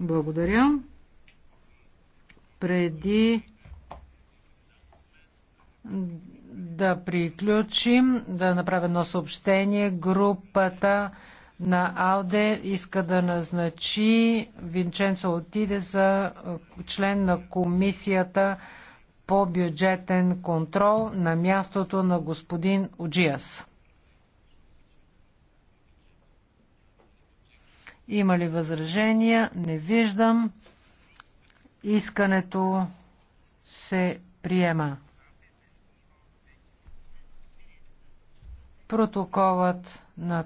Благодаря. Преди да приключим, да направя едно съобщение. Групата на АЛДЕ иска да назначи Винченцо Отиде за е, член на комисията по бюджетен контрол на мястото на господин Оджиас. Има ли възражения? Не виждам. Искането се приема. Протоколът на